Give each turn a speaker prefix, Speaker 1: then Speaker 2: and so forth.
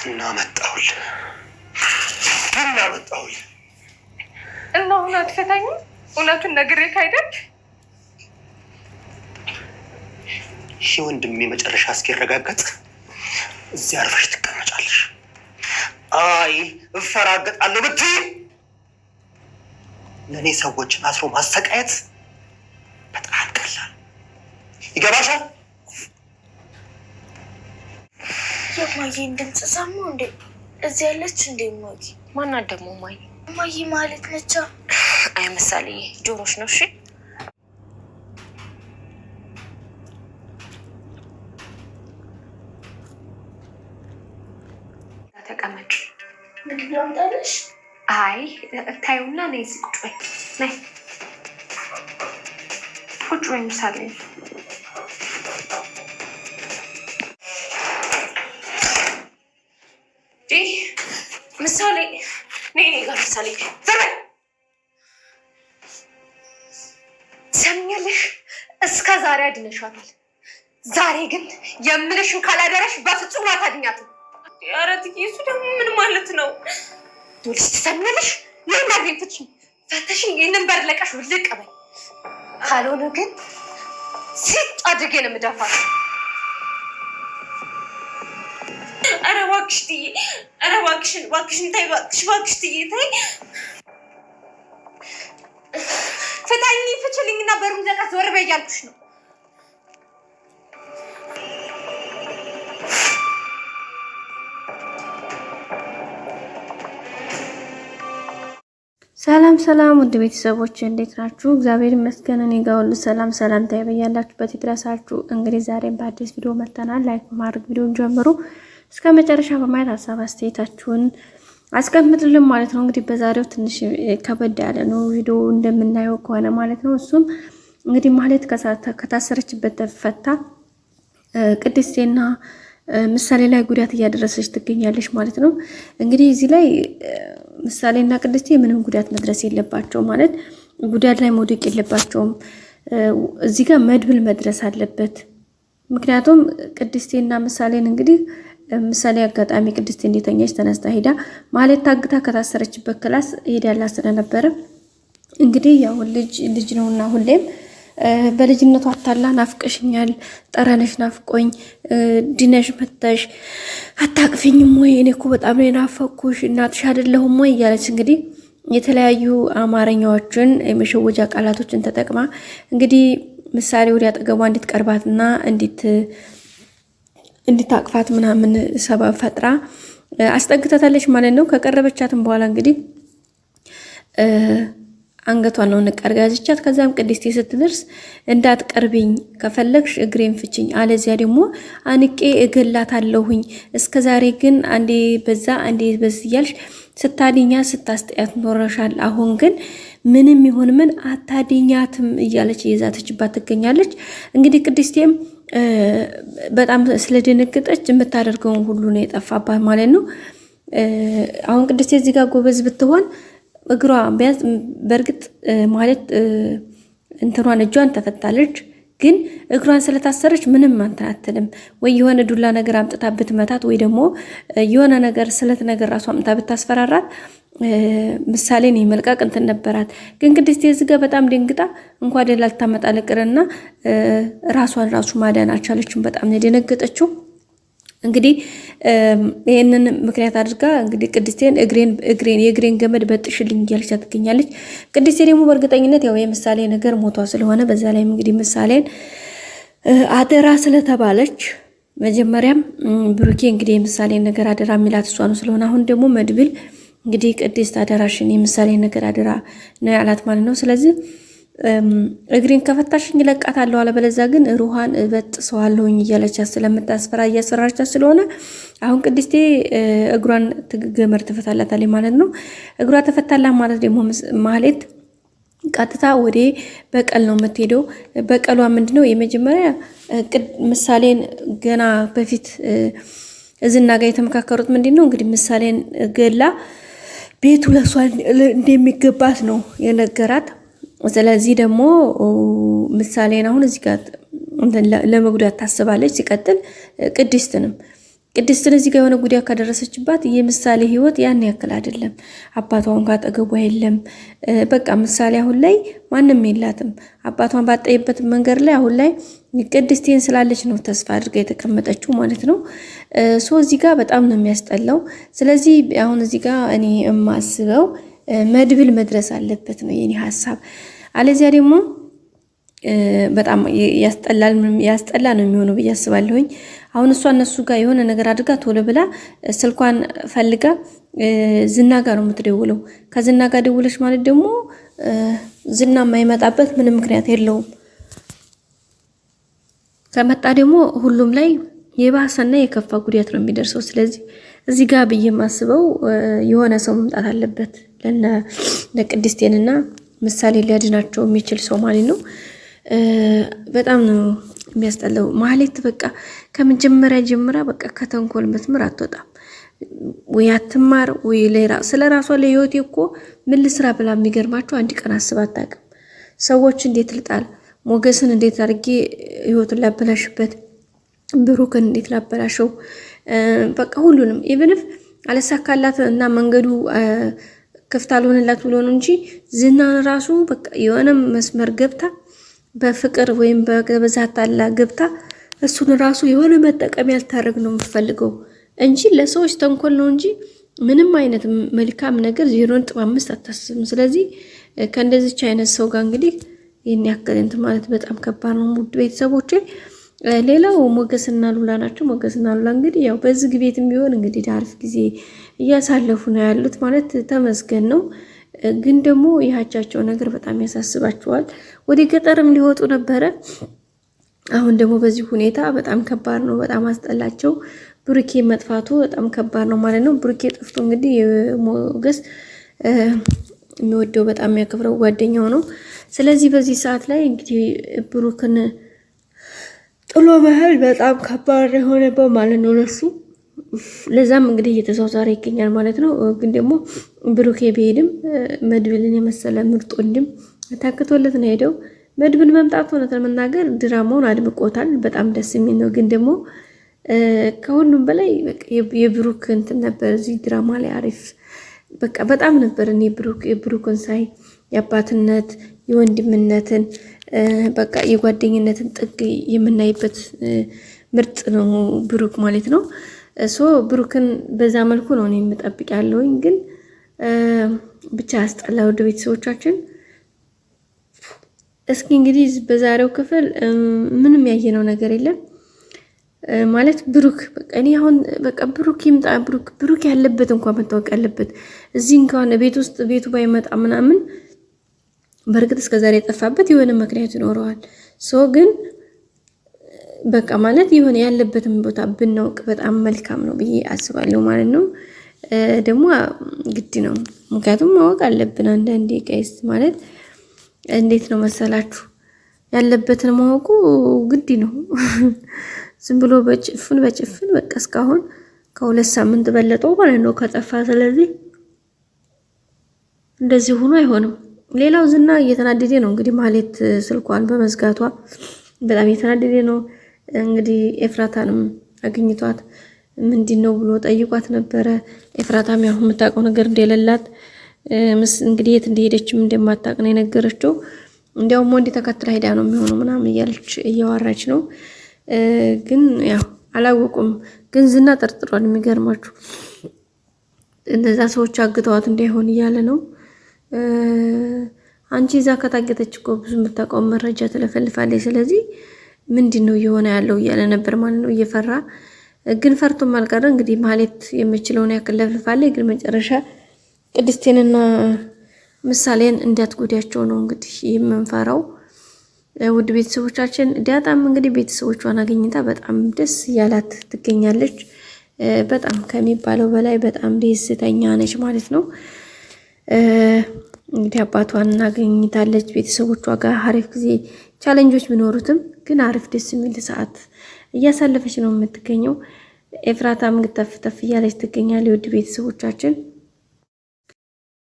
Speaker 1: ክርስትና መጣሁል እና መጣሁል
Speaker 2: እና አሁን አትፈታኝ። እውነቱን ነግሬህ ካይደች
Speaker 1: ይህ ወንድሜ መጨረሻ እስኪረጋገጥ እዚህ አርፈሽ ትቀመጫለሽ። አይ እፈራገጣለሁ ብትይ ለእኔ ሰዎችን አስሮ ማሰቃየት በጣም ቀላል ይገባሻል።
Speaker 3: የማዬን ድምፅ ሰሙ እንዴ? እዚህ ያለች እንዴ? እማዬ ማና ደግሞ? ማይ ማይ ማለት ነቻ።
Speaker 4: አይ ምሳሌዬ፣ ጆሮሽ ነው እሺ። ተቀመጭ።
Speaker 3: ምግብ ላምጣልሽ?
Speaker 4: አይ እታዩና ነይ እዚህ ቁጭ በይ። ነይ ቁጭ በይ ምሳሌ ምሳሌ ነይ ነይ
Speaker 5: ጋር ምሳሌ ዘመን ሰምኛለሽ። እስከ ዛሬ አድነሻታል። ዛሬ ግን የምልሽን ካላደረሽ በፍጹም አታድኛትም።
Speaker 4: ኧረ ትዬ እሱ ደግሞ ምን ማለት ነው?
Speaker 5: ዶልሽ ትሰምኛለሽ። ይህን አግኝ ፈተሽ ይህንን በር ለቀሽ ውልቅ በይ። ካልሆነ ግን ሲጥ አድርጌ ነው የምደፋት።
Speaker 4: ኧረ እባክሽ ትዬ፣ ኧረ እባክሽን፣ እባክሽን ተይ፣ እባክሽ፣ እባክሽ ትዬ ተይ፣
Speaker 5: ፍታኝ፣ ፍችልኝ እና በሩን ዘጋት፣ ዘወር በይ እያልኩሽ ነው።
Speaker 6: ሰላም ሰላም ውድ ቤተሰቦች እንዴት ናችሁ? እግዚአብሔር ይመስገን እኔ ጋር ሁሉ ሰላም። ሰላምታዬ በያላችሁበት ይድረሳችሁ። እንግዲህ ዛሬም በአዲስ ቪዲዮ መጥተናል። ላይክ ማድረግ ቪዲዮን ጀምሩ። እስከ መጨረሻ በማየት ሀሳብ አስተያየታችሁን አስቀምጥልን ማለት ነው። እንግዲህ በዛሬው ትንሽ ከበድ ያለ ነው ቪዲዮ እንደምናየው ከሆነ ማለት ነው። እሱም እንግዲህ ማለት ከታሰረችበት ተፈታ ቅድስቴና ምሳሌ ላይ ጉዳት እያደረሰች ትገኛለች ማለት ነው። እንግዲህ እዚህ ላይ ምሳሌና ቅድስቴ ምንም ጉዳት መድረስ የለባቸው ማለት ጉዳት ላይ መውደቅ የለባቸውም። እዚህ ጋር መድብል መድረስ አለበት። ምክንያቱም ቅድስቴና ምሳሌን እንግዲህ ምሳሌ አጋጣሚ ቅድስት እንዲተኛች ተነስታ ሄዳ ማለት ታግታ ከታሰረችበት ክላስ ሄዳላ ስለነበረ እንግዲህ ያው ልጅ ልጅ ነውና ሁሌም በልጅነቱ አታላ ናፍቀሽኛል፣ ጠረነሽ ናፍቆኝ፣ ድነሽ መተሽ አታቅፊኝም ወይ? እኔ እኮ በጣም ነው የናፈኩሽ፣ እናትሽ አይደለሁም ወይ? እያለች እንግዲህ የተለያዩ አማርኛዎችን የመሸወጃ ቃላቶችን ተጠቅማ እንግዲህ ምሳሌ ወደ አጠገቧ ቀርባትና እንዴት እንዲታቅፋት ምናምን ሰበብ ፈጥራ አስጠግተታለች ማለት ነው። ከቀረበቻትም በኋላ እንግዲህ አንገቷን ነው ንቅ አድርጋ ያዘቻት። ከዛም ቅድስቴ ስትደርስ እንዳትቀርብኝ ከፈለግሽ እግሬን ፍችኝ፣ አለዚያ ደግሞ አንቄ እገላታለሁኝ። እስከ ዛሬ ግን አንዴ በዛ አንዴ በዚህ እያልሽ ስታድኛ ስታስጠያት ኖረሻል። አሁን ግን ምንም ይሁን ምን አታድኛትም እያለች የዛተችባት ትገኛለች። እንግዲህ ቅድስቴም በጣም ስለደነገጠች የምታደርገውን ሁሉ ነው የጠፋባት ማለት ነው። አሁን ቅድስት እዚህ ጋር ጎበዝ ብትሆን እግሯ ቢያንስ በእርግጥ ማለት እንትኗን እጇን ተፈታለች፣ ግን እግሯን ስለታሰረች ምንም አንተናትልም አትልም። ወይ የሆነ ዱላ ነገር አምጥታ ብትመታት፣ ወይ ደግሞ የሆነ ነገር ስለት ነገር ራሱ አምጥታ ብታስፈራራት ምሳሌ ነው የመልቀቅ እንትን ነበራት። ግን ቅድስት እዚህ ጋር በጣም ደንግጣ እንኳ ደላ ልታመጣ ልቅርና ራሷን ራሱ ማዳን አልቻለችም። በጣም ነው የደነገጠችው እንግዲህ ይህንን ምክንያት አድርጋ እንግዲህ ቅድስቴን እግሬን እግሬን የእግሬን ገመድ በጥሽልኝ እያለች ትገኛለች። ቅድስቴ ደግሞ በእርግጠኝነት ያው የምሳሌ ነገር ሞቷ ስለሆነ በዛ ላይም እንግዲህ ምሳሌን አደራ ስለተባለች መጀመሪያም ብሩኬ እንግዲህ የምሳሌ ነገር አደራ የሚላት እሷ ነው ስለሆነ አሁን ደግሞ መድብል እንግዲህ ቅድስት አደራሽን የምሳሌ ነገር አደራ ነው ያላት ማለት ነው። ስለዚህ እግሬን ከፈታሽኝ እለቃታለሁ፣ አለበለዚያ ግን ሩሃን እበጥሰዋለሁኝ እያለቻት ስለምታስፈራ እያስፈራቻት ስለሆነ አሁን ቅድስቴ እግሯን ትገመር ትፈታላታለች ማለት ነው። እግሯ ተፈታላ ማለት ደግሞ ማለት ቀጥታ ወደ በቀል ነው የምትሄደው። በቀሏ ምንድን ነው? የመጀመሪያ ምሳሌን ገና በፊት እዝና ጋር የተመካከሩት ምንድን ነው እንግዲህ ምሳሌን ገላ ቤቱ ለእሷ እንደሚገባት ነው የነገራት። ስለዚህ ደግሞ ምሳሌን አሁን እዚህ ጋር ለመጉዳት ታስባለች። ሲቀጥል ቅድስትንም ቅድስትን እዚህ ጋር የሆነ ጉዳይ ካደረሰችባት የምሳሌ ህይወት ያን ያክል አይደለም። አባቷን ካጠገቧ የለም። በቃ ምሳሌ አሁን ላይ ማንም የላትም። አባቷን ባጠየበት መንገድ ላይ አሁን ላይ ቅድስቴን ስላለች ነው ተስፋ አድርጋ የተቀመጠችው ማለት ነው። ሶ እዚህ ጋር በጣም ነው የሚያስጠላው። ስለዚህ አሁን እዚህ ጋር እኔ የማስበው መድብል መድረስ አለበት ነው የኔ ሀሳብ። አለዚያ ደግሞ በጣም ያስጠላ ነው የሚሆነው ብዬ አስባለሁኝ። አሁን እሷ እነሱ ጋር የሆነ ነገር አድርጋ ቶሎ ብላ ስልኳን ፈልጋ ዝና ጋር ነው የምትደውለው። ከዝና ጋር ደውለች ማለት ደግሞ ዝና የማይመጣበት ምንም ምክንያት የለውም። ከመጣ ደግሞ ሁሉም ላይ የባሰና የከፋ ጉዳት ነው የሚደርሰው። ስለዚህ እዚህ ጋር ብዬ የማስበው የሆነ ሰው መምጣት አለበት ለነ ለቅድስቴንና ምሳሌ ሊያድናቸው የሚችል ሰው ማለት ነው። በጣም ነው የሚያስጠላው ማህሌት በቃ ከመጀመሪያ ጀምራ በቃ ከተንኮል መስመር አትወጣም። ወይ አትማር ወይ ስለ ራሷ ለህይወቴ እኮ ምን ልስራ ብላ የሚገርማቸው አንድ ቀን አስብ አታውቅም። ሰዎች እንዴት ልጣል፣ ሞገስን እንዴት አድርጌ ህይወቱን ላበላሽበት፣ ብሩክን እንዴት ላበላሸው፣ በቃ ሁሉንም ኢቭንፍ አለሳካላት እና መንገዱ ክፍት አልሆነላት ብሎ ነው እንጂ ዝናን ራሱ በቃ የሆነ መስመር ገብታ በፍቅር ወይም በበዛት አላ ገብታ እሱን ራሱ የሆነ መጠቀም ያልታረግ ነው የምፈልገው እንጂ ለሰዎች ተንኮል ነው እንጂ ምንም አይነት መልካም ነገር ዜሮ ነጥብ አምስት አታስብም። ስለዚህ ከእንደዚች አይነት ሰው ጋር እንግዲህ ይህን ያክል እንትን ማለት በጣም ከባድ ነው። ውድ ቤተሰቦቼ፣ ሌላው ሞገስና ሉላ ናቸው። ሞገስና ሉላ እንግዲህ ያው በዝግ ቤትም ቢሆን እንግዲህ አሪፍ ጊዜ እያሳለፉ ነው ያሉት ማለት ተመስገን ነው። ግን ደግሞ ይህቻቸው ነገር በጣም ያሳስባቸዋል። ወደ ገጠርም ሊወጡ ነበረ። አሁን ደግሞ በዚህ ሁኔታ በጣም ከባድ ነው። በጣም አስጠላቸው። ብሩኬ መጥፋቱ በጣም ከባድ ነው ማለት ነው። ብሩኬ ጠፍቶ እንግዲህ የሞገስ የሚወደው በጣም የሚያከብረው ጓደኛው ነው። ስለዚህ በዚህ ሰዓት ላይ እንግዲህ ብሩክን ጥሎ መሄድ በጣም ከባድ የሆነበው ማለት ነው ለሱ ለዛም እንግዲህ እየተዘዋወረ ይገኛል ማለት ነው። ግን ደግሞ ብሩኬ ቢሄድም መድብልን የመሰለ ምርጥ ወንድም ታክቶለት ነው ሄደው። መድብል መምጣቱ እውነት ለመናገር ድራማውን አድምቆታል። በጣም ደስ የሚል ነው። ግን ደግሞ ከሁሉም በላይ የብሩክ እንትን ነበር እዚህ ድራማ ላይ አሪፍ በቃ በጣም ነበር። እኔ የብሩክን ሳይ የአባትነት የወንድምነትን በቃ የጓደኝነትን ጥግ የምናይበት ምርጥ ነው ብሩክ ማለት ነው። ሶ ብሩክን በዛ መልኩ ነው እኔ የምጠብቅ ያለውኝ። ግን ብቻ ያስጠላ። ውድ ቤተሰቦቻችን እስኪ እንግዲህ በዛሬው ክፍል ምንም ያየነው ነገር የለም ማለት ብሩክ እኔ አሁን በቃ ብሩክ ይምጣ፣ ብሩክ ብሩክ ያለበት እንኳን መታወቅ ያለበት እዚህ እንኳን ቤት ውስጥ ቤቱ ባይመጣ ምናምን በእርግጥ እስከዛሬ የጠፋበት የሆነ ምክንያት ይኖረዋል። ሶ ግን በቃ ማለት የሆነ ያለበትን ቦታ ብናውቅ በጣም መልካም ነው ብዬ አስባለሁ ማለት ነው። ደግሞ ግድ ነው፣ ምክንያቱም ማወቅ አለብን። አንዳንዴ ቀይስ ማለት እንዴት ነው መሰላችሁ ያለበትን ማወቁ ግድ ነው። ዝም ብሎ በጭፍን በጭፍን በቃ እስካሁን ከሁለት ሳምንት በለጠው ማለት ነው ከጠፋ። ስለዚህ እንደዚህ ሆኖ አይሆንም። ሌላው ዝና እየተናደደ ነው እንግዲህ ማለት ስልኳን በመዝጋቷ በጣም እየተናደደ ነው። እንግዲህ ኤፍራታንም አግኝቷት ምንድን ነው ብሎ ጠይቋት ነበረ። ኤፍራታም ያው የምታውቀው ነገር እንደሌላት እንግዲህ የት እንደሄደችም እንደማታቅ ነው የነገረችው። እንዲያውም ወንድ ተከትላ ሄዳ ነው የሚሆነው ምናምን እያለች እያዋራች ነው። ግን ያው አላወቁም። ግን ዝና ጠርጥሯል። የሚገርማችሁ እነዛ ሰዎች አግተዋት እንዳይሆን እያለ ነው። አንቺ እዛ ከታገተች እኮ ብዙ የምታውቀውን መረጃ ትለፈልፋለች። ስለዚህ ምንድን ነው እየሆነ ያለው እያለ ነበር ማለት ነው እየፈራ ግን ፈርቶም አልቀረ። እንግዲህ ማሌት የምችለውን ያክል ለፍልፋለ። ግን መጨረሻ ቅድስቴንና ምሳሌን እንዳትጎዳቸው ነው እንግዲህ የምንፈራው። ውድ ቤተሰቦቻችን ዳጣም እንግዲህ ቤተሰቦቿን አገኝታ በጣም ደስ እያላት ትገኛለች። በጣም ከሚባለው በላይ በጣም ደስተኛ ነች ማለት ነው። እንግዲህ አባቷን አገኝታለች። ቤተሰቦቿ ጋር አሪፍ ጊዜ ቻለንጆች ቢኖሩትም ግን አሪፍ ደስ የሚል ሰዓት እያሳለፈች ነው የምትገኘው። ኤፍራታም ግተፍተፍ እያለች ትገኛል። የውድ ቤተሰቦቻችን